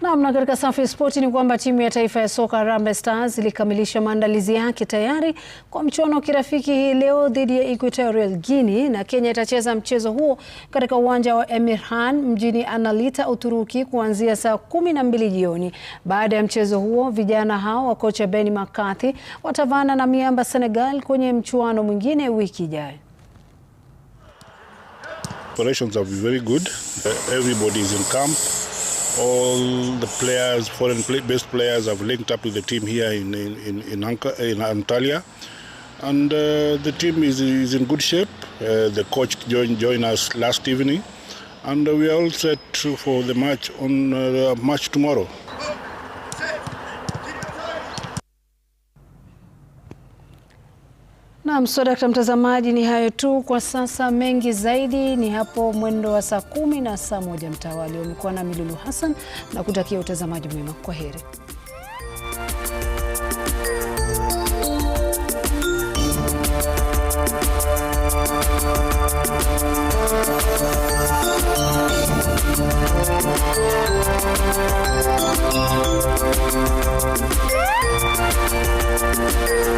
Namna katika safu ya spoti ni kwamba timu ya taifa ya soka Harambee Stars ilikamilisha maandalizi yake tayari kwa mchuano wa kirafiki hii leo dhidi ya Equatorial Guinea, na Kenya itacheza mchezo huo katika uwanja wa Emirhan mjini Analita, Uturuki, kuanzia saa kumi na mbili jioni. Baada ya mchezo huo, vijana hao wa kocha Benni McCarthy watavana na miamba Senegal kwenye mchuano mwingine wiki ijayo. Operations are very good. Everybody is in camp all the players, foreign play, based players, have linked up with the team here in in in, Anca, in Antalya, and uh, the team is, is in good shape. Uh, the coach joined joined us last evening, and we are all set for the match on uh, match tomorrow. Naam, dakta mtazamaji, ni hayo tu kwa sasa. Mengi zaidi ni hapo mwendo wa saa kumi na saa moja mtawali. Umekuwa nami Lulu Hassan na kutakia utazamaji mwema. Kwa heri.